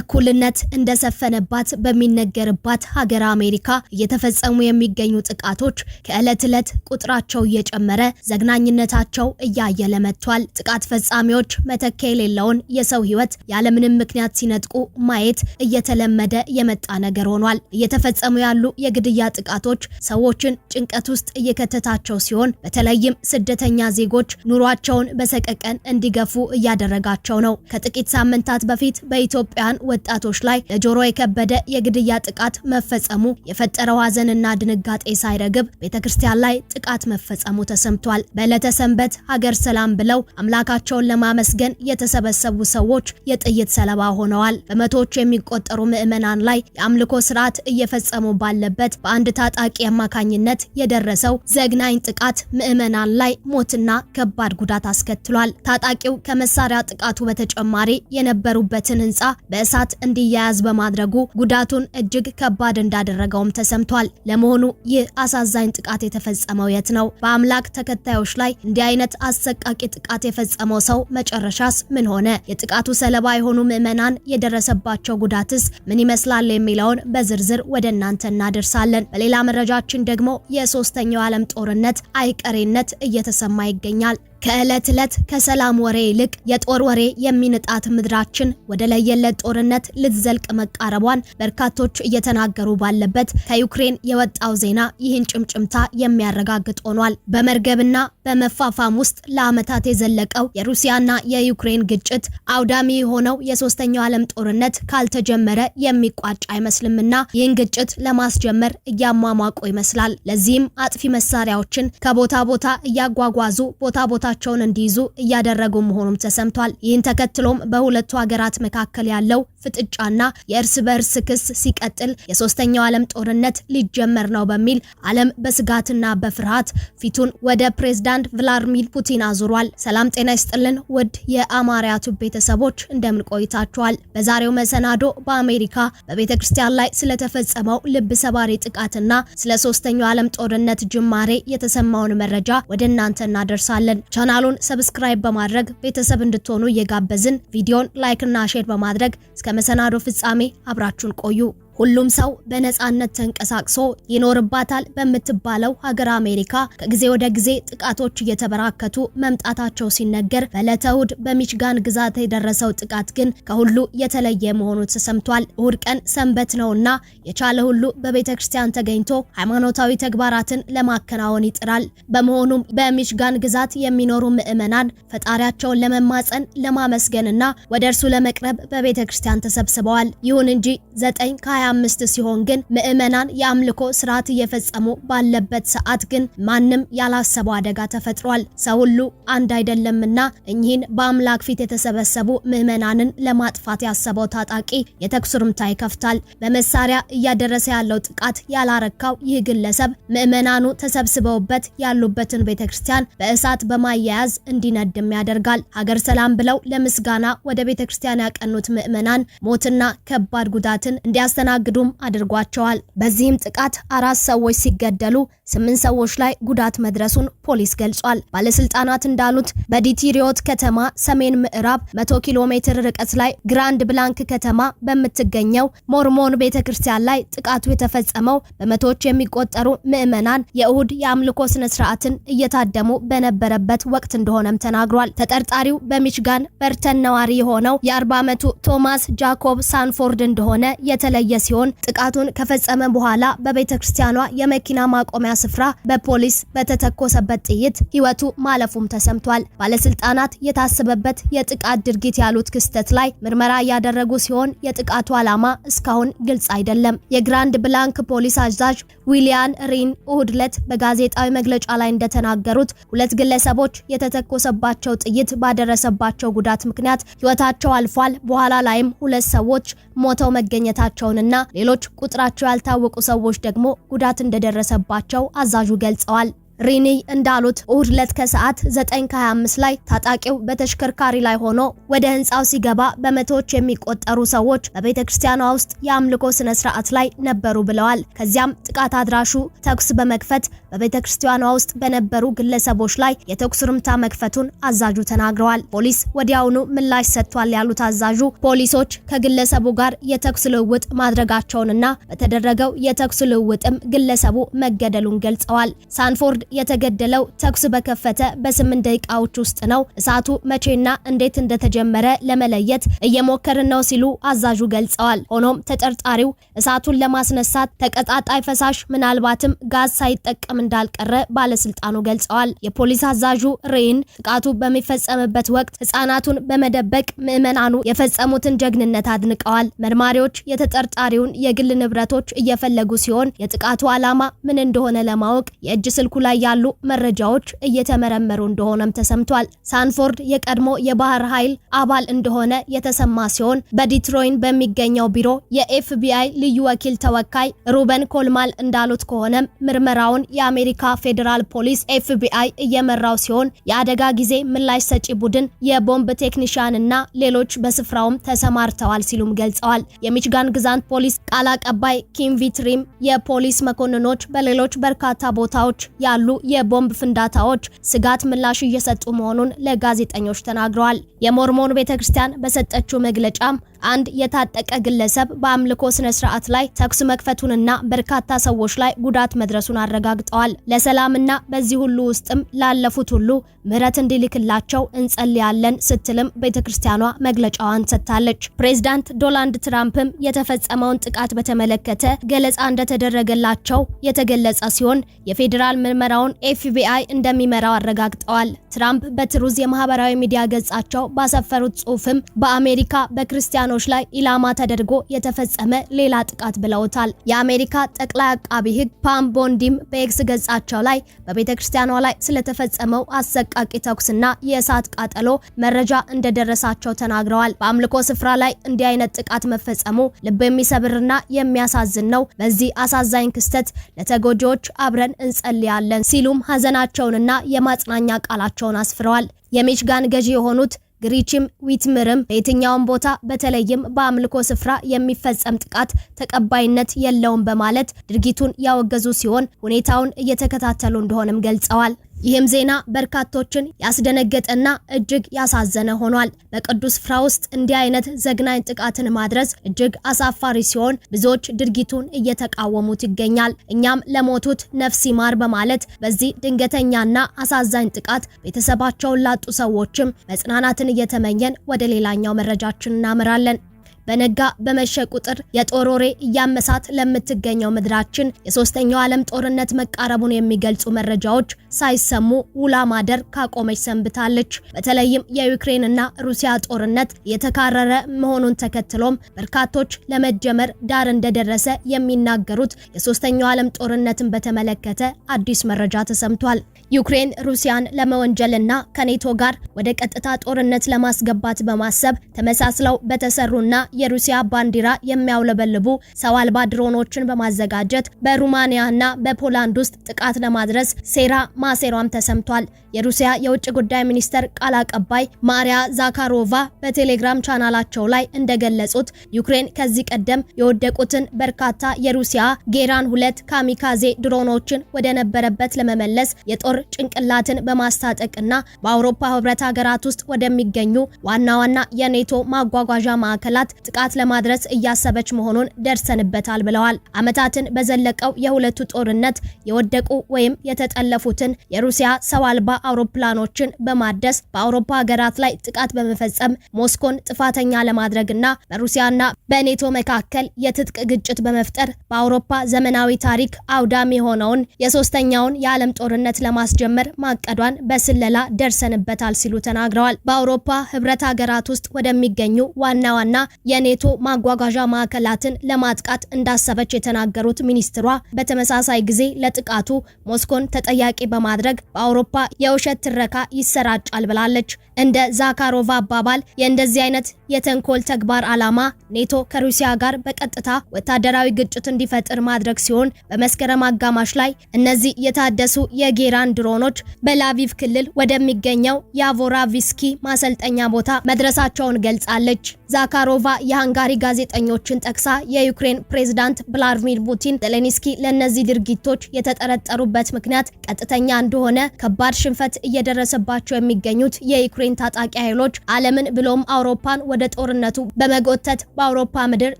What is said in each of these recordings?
እኩልነት እንደሰፈነባት በሚነገርባት ሀገር አሜሪካ እየተፈጸሙ የሚገኙ ጥቃቶች ከዕለት ዕለት ቁጥራቸው እየጨመረ ዘግናኝነታቸው እያየለ መጥቷል። ጥቃት ፈጻሚዎች መተኪያ የሌለውን የሰው ሕይወት ያለምንም ምክንያት ሲነጥቁ ማየት እየተለመደ የመጣ ነገር ሆኗል። እየተፈጸሙ ያሉ የግድያ ጥቃቶች ሰዎችን ጭንቀት ውስጥ እየከተታቸው ሲሆን በተለይም ስደተኛ ዜጎች ኑሯቸውን በሰቀቀን እንዲገፉ እያደረጋቸው ነው። ከጥቂት ሳምንታት በፊት በኢትዮጵያን ወጣቶች ላይ ለጆሮ የከበደ የግድያ ጥቃት መፈጸሙ የፈጠረው ሀዘንና ድንጋጤ ሳይረግብ ቤተክርስቲያን ላይ ጥቃት መፈጸሙ ተሰምቷል። በዕለተ ሰንበት ሀገር ሰላም ብለው አምላካቸውን ለማመስገን የተሰበሰቡ ሰዎች የጥይት ሰለባ ሆነዋል። በመቶዎች የሚቆጠሩ ምዕመናን ላይ የአምልኮ ስርዓት እየፈጸሙ ባለበት በአንድ ታጣቂ አማካኝነት የደረሰው ዘግናኝ ጥቃት ምዕመናን ላይ ሞትና ከባድ ጉዳት አስከትሏል። ታጣቂው ከመሳሪያ ጥቃቱ በተጨማሪ የነበሩበትን ህንፃ በእስ በእሳት እንዲያያዝ በማድረጉ ጉዳቱን እጅግ ከባድ እንዳደረገውም ተሰምቷል። ለመሆኑ ይህ አሳዛኝ ጥቃት የተፈጸመው የት ነው? በአምላክ ተከታዮች ላይ እንዲህ አይነት አሰቃቂ ጥቃት የፈጸመው ሰው መጨረሻስ ምን ሆነ? የጥቃቱ ሰለባ የሆኑ ምዕመናን የደረሰባቸው ጉዳትስ ምን ይመስላል? የሚለውን በዝርዝር ወደ እናንተ እናደርሳለን። በሌላ መረጃችን ደግሞ የሶስተኛው ዓለም ጦርነት አይቀሬነት እየተሰማ ይገኛል። ከዕለት ዕለት ከሰላም ወሬ ይልቅ የጦር ወሬ የሚንጣት ምድራችን ወደ ለየለት ጦርነት ልትዘልቅ መቃረቧን በርካቶች እየተናገሩ ባለበት ከዩክሬን የወጣው ዜና ይህን ጭምጭምታ የሚያረጋግጥ ሆኗል። በመርገብና በመፋፋም ውስጥ ለዓመታት የዘለቀው የሩሲያና የዩክሬን ግጭት አውዳሚ የሆነው የሶስተኛው ዓለም ጦርነት ካልተጀመረ የሚቋጭ አይመስልምና ይህን ግጭት ለማስጀመር እያሟሟቁ ይመስላል። ለዚህም አጥፊ መሳሪያዎችን ከቦታ ቦታ እያጓጓዙ ቦታ ቦታ እጃቸውን እንዲይዙ እያደረጉ መሆኑም ተሰምቷል። ይህን ተከትሎም በሁለቱ ሀገራት መካከል ያለው ፍጥጫና የእርስ በእርስ ክስ ሲቀጥል የሶስተኛው ዓለም ጦርነት ሊጀመር ነው በሚል ዓለም በስጋትና በፍርሃት ፊቱን ወደ ፕሬዝዳንት ቭላድሚር ፑቲን አዙሯል። ሰላም ጤና ይስጥልን ውድ የአማርያቱ ቤተሰቦች እንደምን ቆይታችኋል? በዛሬው መሰናዶ በአሜሪካ በቤተ ክርስቲያን ላይ ስለተፈጸመው ልብ ሰባሪ ጥቃትና ስለ ሶስተኛው ዓለም ጦርነት ጅማሬ የተሰማውን መረጃ ወደ እናንተ እናደርሳለን። ቻናሉን ሰብስክራይብ በማድረግ ቤተሰብ እንድትሆኑ እየጋበዝን ቪዲዮን ላይክ እና ሼር በማድረግ እስከ መሰናዶ ፍጻሜ አብራችሁን ቆዩ። ሁሉም ሰው በነጻነት ተንቀሳቅሶ ይኖርባታል በምትባለው ሀገር አሜሪካ ከጊዜ ወደ ጊዜ ጥቃቶች እየተበራከቱ መምጣታቸው ሲነገር በዕለተ እሁድ በሚችጋን ግዛት የደረሰው ጥቃት ግን ከሁሉ የተለየ መሆኑ ተሰምቷል። እሁድ ቀን ሰንበት ነውና የቻለ ሁሉ በቤተ ክርስቲያን ተገኝቶ ሃይማኖታዊ ተግባራትን ለማከናወን ይጥራል። በመሆኑም በሚችጋን ግዛት የሚኖሩ ምዕመናን ፈጣሪያቸውን ለመማፀን ለማመስገንና ወደ እርሱ ለመቅረብ በቤተ ክርስቲያን ተሰብስበዋል። ይሁን እንጂ ዘጠኝ ከ 25 ሲሆን ግን ምዕመናን የአምልኮ ስርዓት እየፈጸሙ ባለበት ሰዓት ግን ማንም ያላሰበው አደጋ ተፈጥሯል። ሰው ሁሉ አንድ አይደለምና እኚህን በአምላክ ፊት የተሰበሰቡ ምዕመናንን ለማጥፋት ያሰበው ታጣቂ የተኩስ ርምታ ይከፍታል። በመሳሪያ እያደረሰ ያለው ጥቃት ያላረካው ይህ ግለሰብ ምዕመናኑ ተሰብስበውበት ያሉበትን ቤተክርስቲያን በእሳት በማያያዝ እንዲነድም ያደርጋል። ሀገር ሰላም ብለው ለምስጋና ወደ ቤተክርስቲያን ያቀኑት ምዕመናን ሞትና ከባድ ጉዳትን እንዲያስተና እንዲያስተናግዱም አድርጓቸዋል። በዚህም ጥቃት አራት ሰዎች ሲገደሉ ስምንት ሰዎች ላይ ጉዳት መድረሱን ፖሊስ ገልጿል። ባለስልጣናት እንዳሉት በዲቲሪዮት ከተማ ሰሜን ምዕራብ 100 ኪሎ ሜትር ርቀት ላይ ግራንድ ብላንክ ከተማ በምትገኘው ሞርሞን ቤተክርስቲያን ላይ ጥቃቱ የተፈጸመው በመቶዎች የሚቆጠሩ ምዕመናን የእሁድ የአምልኮ ስነ ስርዓትን እየታደሙ በነበረበት ወቅት እንደሆነም ተናግሯል። ተጠርጣሪው በሚችጋን በርተን ነዋሪ የሆነው የ40 ዓመቱ ቶማስ ጃኮብ ሳንፎርድ እንደሆነ የተለየ ሲሆን ጥቃቱን ከፈጸመ በኋላ በቤተ ክርስቲያኗ የመኪና ማቆሚያ ስፍራ በፖሊስ በተተኮሰበት ጥይት ህይወቱ ማለፉም ተሰምቷል። ባለስልጣናት የታሰበበት የጥቃት ድርጊት ያሉት ክስተት ላይ ምርመራ እያደረጉ ሲሆን የጥቃቱ ዓላማ እስካሁን ግልጽ አይደለም። የግራንድ ብላንክ ፖሊስ አዛዥ ዊሊያን ሪን እሁድ ዕለት በጋዜጣዊ መግለጫ ላይ እንደተናገሩት ሁለት ግለሰቦች የተተኮሰባቸው ጥይት ባደረሰባቸው ጉዳት ምክንያት ህይወታቸው አልፏል። በኋላ ላይም ሁለት ሰዎች ሞተው መገኘታቸውንና ሌሎች ቁጥራቸው ያልታወቁ ሰዎች ደግሞ ጉዳት እንደደረሰባቸው አዛዡ ገልጸዋል። ሪኒ እንዳሉት እሁድ ዕለት ከሰዓት 9:25 ላይ ታጣቂው በተሽከርካሪ ላይ ሆኖ ወደ ህንፃው ሲገባ በመቶዎች የሚቆጠሩ ሰዎች በቤተ ክርስቲያኗ ውስጥ የአምልኮ ስነ ስርዓት ላይ ነበሩ ብለዋል። ከዚያም ጥቃት አድራሹ ተኩስ በመክፈት በቤተ ክርስቲያኗ ውስጥ በነበሩ ግለሰቦች ላይ የተኩስ ርምታ መክፈቱን አዛዡ ተናግረዋል። ፖሊስ ወዲያውኑ ምላሽ ሰጥቷል ያሉት አዛዡ ፖሊሶች ከግለሰቡ ጋር የተኩስ ልውውጥ ማድረጋቸውንና በተደረገው የተኩስ ልውውጥም ግለሰቡ መገደሉን ገልጸዋል። ሳንፎርድ የተገደለው ተኩስ በከፈተ በስምንት ደቂቃዎች ውስጥ ነው። እሳቱ መቼና እንዴት እንደተጀመረ ለመለየት እየሞከርን ነው ሲሉ አዛዡ ገልጸዋል። ሆኖም ተጠርጣሪው እሳቱን ለማስነሳት ተቀጣጣይ ፈሳሽ ምናልባትም ጋዝ ሳይጠቀም እንዳልቀረ ባለስልጣኑ ገልጸዋል። የፖሊስ አዛዡ ሬይን ጥቃቱ በሚፈጸምበት ወቅት ህጻናቱን በመደበቅ ምዕመናኑ የፈጸሙትን ጀግንነት አድንቀዋል። መርማሪዎች የተጠርጣሪውን የግል ንብረቶች እየፈለጉ ሲሆን የጥቃቱ ዓላማ ምን እንደሆነ ለማወቅ የእጅ ስልኩ ላይ ያሉ መረጃዎች እየተመረመሩ እንደሆነም ተሰምቷል። ሳንፎርድ የቀድሞ የባህር ኃይል አባል እንደሆነ የተሰማ ሲሆን በዲትሮይን በሚገኘው ቢሮ የኤፍቢአይ ልዩ ወኪል ተወካይ ሩበን ኮልማል እንዳሉት ከሆነም ምርመራውን የአሜሪካ ፌዴራል ፖሊስ ኤፍቢአይ እየመራው ሲሆን የአደጋ ጊዜ ምላሽ ሰጪ ቡድን የቦምብ ቴክኒሽያን እና ሌሎች በስፍራውም ተሰማርተዋል ሲሉም ገልጸዋል። የሚችጋን ግዛት ፖሊስ ቃል አቀባይ ኪም ቪትሪም የፖሊስ መኮንኖች በሌሎች በርካታ ቦታዎች ያሉ ያሉ የቦምብ ፍንዳታዎች ስጋት ምላሽ እየሰጡ መሆኑን ለጋዜጠኞች ተናግረዋል። የሞርሞን ቤተክርስቲያን በሰጠችው መግለጫም አንድ የታጠቀ ግለሰብ በአምልኮ ስነ ስርዓት ላይ ተኩስ መክፈቱንና በርካታ ሰዎች ላይ ጉዳት መድረሱን አረጋግጠዋል። ለሰላምና በዚህ ሁሉ ውስጥም ላለፉት ሁሉ ምሕረት እንዲልክላቸው እንጸልያለን ስትልም ቤተክርስቲያኗ መግለጫዋን ሰጥታለች። ፕሬዝዳንት ዶናልድ ትራምፕም የተፈጸመውን ጥቃት በተመለከተ ገለጻ እንደተደረገላቸው የተገለጸ ሲሆን የፌዴራል ምርመራውን ኤፍቢአይ እንደሚመራው አረጋግጠዋል። ትራምፕ በትሩዝ የማህበራዊ ሚዲያ ገጻቸው ባሰፈሩት ጽሑፍም በአሜሪካ በክርስቲያኖ ክርስቲያኖች ላይ ኢላማ ተደርጎ የተፈጸመ ሌላ ጥቃት ብለውታል። የአሜሪካ ጠቅላይ አቃቢ ሕግ ፓም ቦንዲም በኤክስ ገጻቸው ላይ በቤተ ክርስቲያኗ ላይ ስለተፈጸመው አሰቃቂ ተኩስና የእሳት ቃጠሎ መረጃ እንደደረሳቸው ተናግረዋል። በአምልኮ ስፍራ ላይ እንዲህ አይነት ጥቃት መፈጸሙ ልብ የሚሰብርና የሚያሳዝን ነው። በዚህ አሳዛኝ ክስተት ለተጎጂዎች አብረን እንጸልያለን ሲሉም ሀዘናቸውንና የማጽናኛ ቃላቸውን አስፍረዋል። የሚችጋን ገዢ የሆኑት ግሪችም ዊትምርም በየትኛውም ቦታ በተለይም በአምልኮ ስፍራ የሚፈጸም ጥቃት ተቀባይነት የለውም በማለት ድርጊቱን ያወገዙ ሲሆን ሁኔታውን እየተከታተሉ እንደሆነም ገልጸዋል። ይህም ዜና በርካቶችን ያስደነገጠና እጅግ ያሳዘነ ሆኗል። በቅዱስ ስፍራ ውስጥ እንዲህ አይነት ዘግናኝ ጥቃትን ማድረስ እጅግ አሳፋሪ ሲሆን ብዙዎች ድርጊቱን እየተቃወሙት ይገኛል። እኛም ለሞቱት ነፍስ ይማር በማለት በዚህ ድንገተኛና አሳዛኝ ጥቃት ቤተሰባቸውን ላጡ ሰዎችም መጽናናትን እየተመኘን ወደ ሌላኛው መረጃችን እናምራለን። በነጋ በመሸ ቁጥር የጦር ወሬ እያመሳት ለምትገኘው ምድራችን የሶስተኛው ዓለም ጦርነት መቃረቡን የሚገልጹ መረጃዎች ሳይሰሙ ውላ ማደር ካቆመች ሰንብታለች። በተለይም የዩክሬንና ሩሲያ ጦርነት የተካረረ መሆኑን ተከትሎም በርካቶች ለመጀመር ዳር እንደደረሰ የሚናገሩት የሶስተኛው ዓለም ጦርነትን በተመለከተ አዲስ መረጃ ተሰምቷል። ዩክሬን ሩሲያን ለመወንጀልና ከኔቶ ጋር ወደ ቀጥታ ጦርነት ለማስገባት በማሰብ ተመሳስለው በተሰሩና የሩሲያ ባንዲራ የሚያውለበልቡ ሰው አልባ ድሮኖችን በማዘጋጀት በሩማኒያና በፖላንድ ውስጥ ጥቃት ለማድረስ ሴራ ማሴሯም ተሰምቷል። የሩሲያ የውጭ ጉዳይ ሚኒስተር ቃል አቀባይ ማሪያ ዛካሮቫ በቴሌግራም ቻናላቸው ላይ እንደገለጹት ዩክሬን ከዚህ ቀደም የወደቁትን በርካታ የሩሲያ ጌራን ሁለት ካሚካዜ ድሮኖችን ወደ ነበረበት ለመመለስ የጦር ጭንቅላትን በማስታጠቅና በአውሮፓ ህብረት ሀገራት ውስጥ ወደሚገኙ ዋና ዋና የኔቶ ማጓጓዣ ማዕከላት ጥቃት ለማድረስ እያሰበች መሆኑን ደርሰንበታል ብለዋል። ዓመታትን በዘለቀው የሁለቱ ጦርነት የወደቁ ወይም የተጠለፉትን የሩሲያ ሰው አልባ አውሮፕላኖችን በማደስ በአውሮፓ ሀገራት ላይ ጥቃት በመፈጸም ሞስኮን ጥፋተኛ ለማድረግና በሩሲያና በኔቶ መካከል የትጥቅ ግጭት በመፍጠር በአውሮፓ ዘመናዊ ታሪክ አውዳሚ የሆነውን የሶስተኛውን የዓለም ጦርነት ለማስጀመር ማቀዷን በስለላ ደርሰንበታል ሲሉ ተናግረዋል። በአውሮፓ ህብረት ሀገራት ውስጥ ወደሚገኙ ዋና ዋና የኔቶ ማጓጓዣ ማዕከላትን ለማጥቃት እንዳሰበች የተናገሩት ሚኒስትሯ በተመሳሳይ ጊዜ ለጥቃቱ ሞስኮን ተጠያቂ በማድረግ በአውሮፓ የውሸት ትረካ ይሰራጫል ብላለች። እንደ ዛካሮቫ አባባል የእንደዚህ አይነት የተንኮል ተግባር ዓላማ ኔቶ ከሩሲያ ጋር በቀጥታ ወታደራዊ ግጭት እንዲፈጥር ማድረግ ሲሆን በመስከረም አጋማሽ ላይ እነዚህ የታደሱ የጌራን ድሮኖች በላቪቭ ክልል ወደሚገኘው የአቮራቪስኪ ማሰልጠኛ ቦታ መድረሳቸውን ገልጻለች። ዛካሮቫ የሃንጋሪ ጋዜጠኞችን ጠቅሳ የዩክሬን ፕሬዝዳንት ቭላድሚር ፑቲን ዘሌንስኪ ለእነዚህ ድርጊቶች የተጠረጠሩበት ምክንያት ቀጥተኛ እንደሆነ ከባድ ሽንፈት እየደረሰባቸው የሚገኙት የዩክሬን ታጣቂ ኃይሎች ዓለምን ብሎም አውሮፓን ወደ ጦርነቱ በመጎተት በአውሮፓ ምድር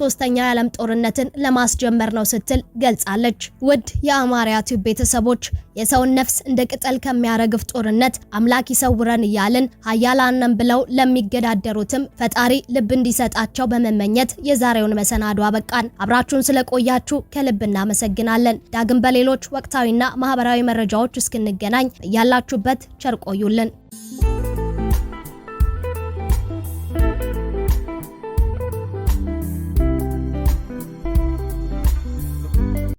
ሶስተኛ የዓለም ጦርነትን ለማስጀመር ነው ስትል ገልጻለች። ውድ የአማርያ ቲዩብ ቤተሰቦች የሰውን ነፍስ እንደ ቅጠል ከሚያረግፍ ጦርነት አምላክ ይሰውረን እያልን ሀያላንም ብለው ለሚገዳደሩትም ፈጣሪ ልብ እንዲሰጣቸው በመመኘት የዛሬውን መሰናዶ አበቃን። አብራችሁን ስለቆያችሁ ከልብ እናመሰግናለን። ዳግም በሌሎች ወቅታዊና ማህበራዊ መረጃዎች እስክንገናኝ ያላችሁበት ቸር ቆዩልን።